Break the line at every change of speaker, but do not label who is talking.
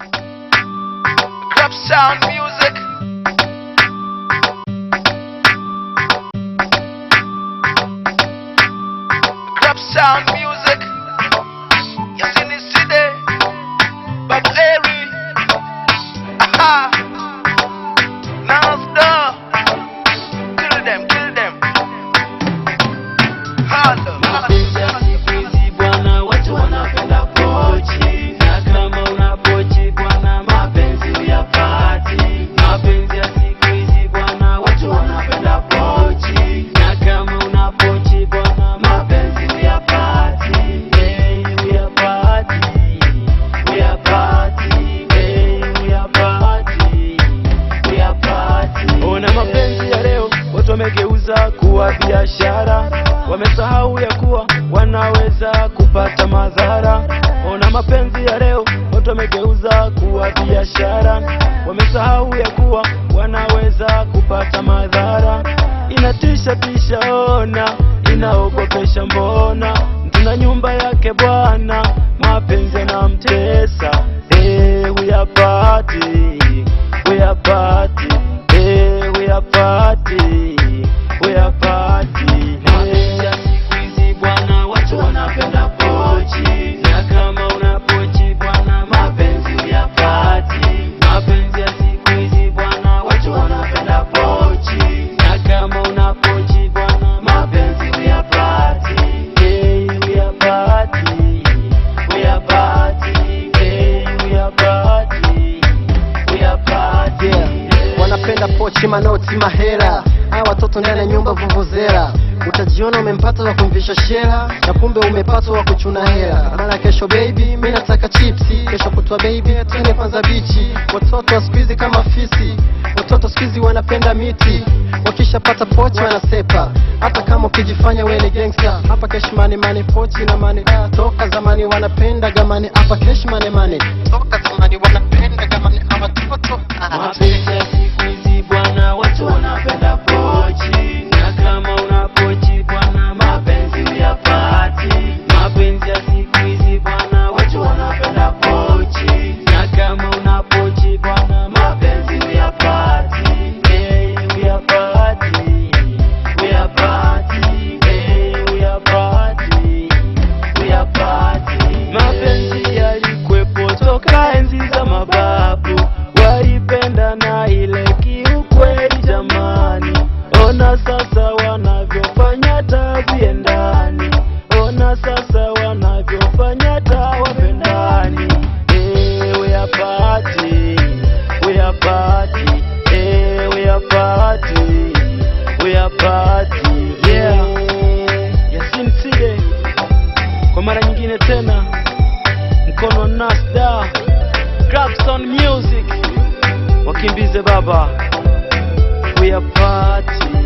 Crap sound music.
wamegeuza kuwa biashara, wamesahau ya kuwa wanaweza kupata madhara. Ona mapenzi ya leo watu wamegeuza kuwa biashara, wamesahau ya kuwa wanaweza kupata madhara. Inatisha tisha, ona inaogopesha, mbona tuna nyumba yake bwana, mapenzi yanamtesa, eh huyapati
pochi manoti, mahera haya watoto ndani ya nyumba vuvuzela Utajiona umempata wa kumvisha shela na kumbe umepata wa kuchuna hela. Mara kesho baby, mimi nataka chipsi, kesho kutwa baby, tene kwanza bichi. Watoto wa siku kama fisi, watoto siku wanapenda miti, wakishapata pochi wanasepa, hata kama ukijifanya wewe gangsta Hapa cash money money, pochi na money, toka zamani wanapenda gamani. Hapa cash money money, toka zamani wanapenda gamani, hapa toto
kuna watu wanapenda pochi, na kama una pochi bwana, mapenzi huyapati. Mapenzi ya siku hizi bwana, watu wanapenda pochi, na kama una pochi bwana, mapenzi huyapati, eh, huyapati, huyapati, eh, huyapati, huyapati.
Mapenzi yalikwepo toka enzi za mababu sasa wanavyofanya tazi endani, ona sasa wanavyofanya tawa pendani. Eh, we are party, we are party, eh, we apati party, we are party, yeah. Yasin Sile kwa mara nyingine tena, mkono Nasda Grabson Music wakimbize baba, we are party